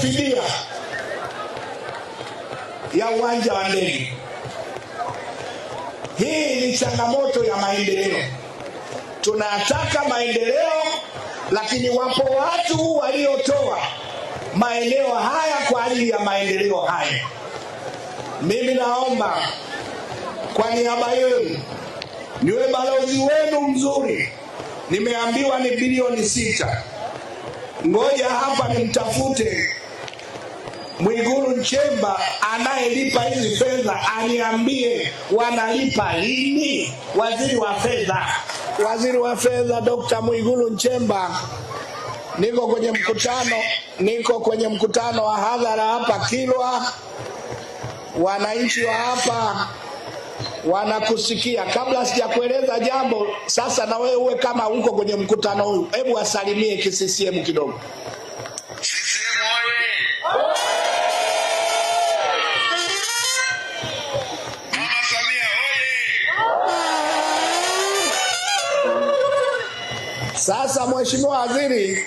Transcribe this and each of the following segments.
fidia ya uwanja wa ndege. Hii ni changamoto ya maendeleo. Tunataka maendeleo, lakini wapo watu waliotoa maeneo haya kwa ajili ya maendeleo haya. Mimi naomba kwa niaba yenu niwe balozi wenu mzuri. Nimeambiwa ni bilioni sita. Ngoja hapa nimtafute Mwigulu Nchemba anayelipa hizi fedha aniambie wanalipa lini? Waziri wa fedha, waziri wa fedha Dr. Mwigulu Nchemba, niko kwenye mkutano, niko kwenye mkutano wa hadhara hapa Kilwa. Wananchi wa hapa wanakusikia. Kabla sijakueleza jambo, sasa na wewe uwe kama uko kwenye mkutano huu, hebu wasalimie kiCCM kidogo. Sasa mheshimiwa waziri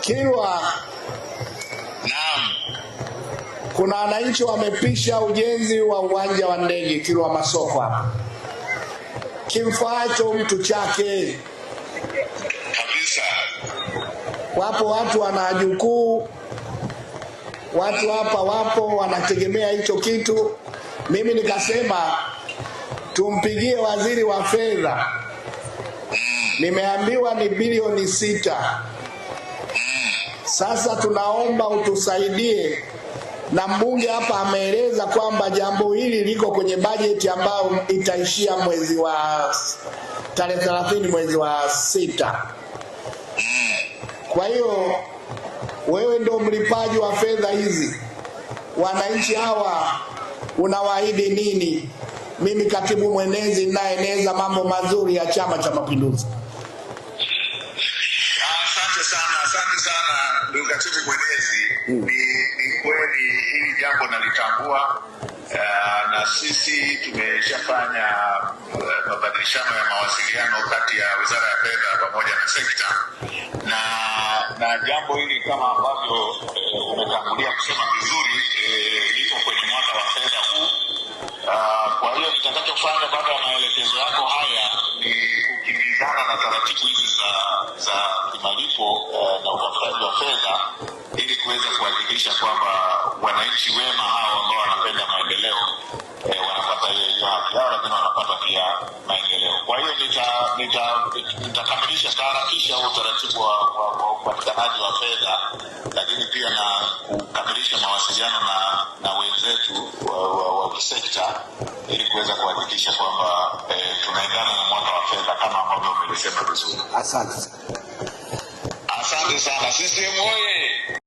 Kilwa, naam, kuna wananchi wamepisha ujenzi wa uwanja wa ndege Kilwa Masoko hapa, kimfaacho mtu chake kabisa. Wapo watu wana jukuu, watu hapa wapo wanategemea hicho kitu. Mimi nikasema tumpigie waziri wa fedha nimeambiwa ni bilioni sita. Sasa tunaomba utusaidie, na mbunge hapa ameeleza kwamba jambo hili liko kwenye bajeti ambayo itaishia mwezi wa tarehe 30 mwezi wa sita. Kwa hiyo wewe ndio mlipaji wa fedha hizi, wananchi hawa unawaahidi nini? Mimi katibu mwenezi ninaeneza mambo mazuri ya Chama cha Mapinduzi. shukrani sana Dkt. Chumi Mwenezi, hmm. ni ni kweli hili jambo nalitambua, uh, na sisi tumeshafanya eh, mabadilishano ya mawasiliano kati ya Wizara ya Fedha pamoja na sekta na na jambo hili kama ambavyo eh, umetangulia kusema vizuri taratibu hizi za za malipo uh, na utafutaji wa fedha ili kuweza kuhakikisha kwamba wananchi wema hao ambao wanapenda maendeleo eh, wanapata hiyo hiyo haki yao, lakini wanapata pia maendeleo. Kwa hiyo nitakamilisha taharakisha huo utaratibu wa upatikanaji wa, wa, wa fedha, lakini pia na kukamilisha mawasiliano na, na wenzetu wa, wa, wa sekta ili kuweza kuhakikisha kwamba eh, tunaendana na mwaka wa fedha kama Asante sana, sisi moye.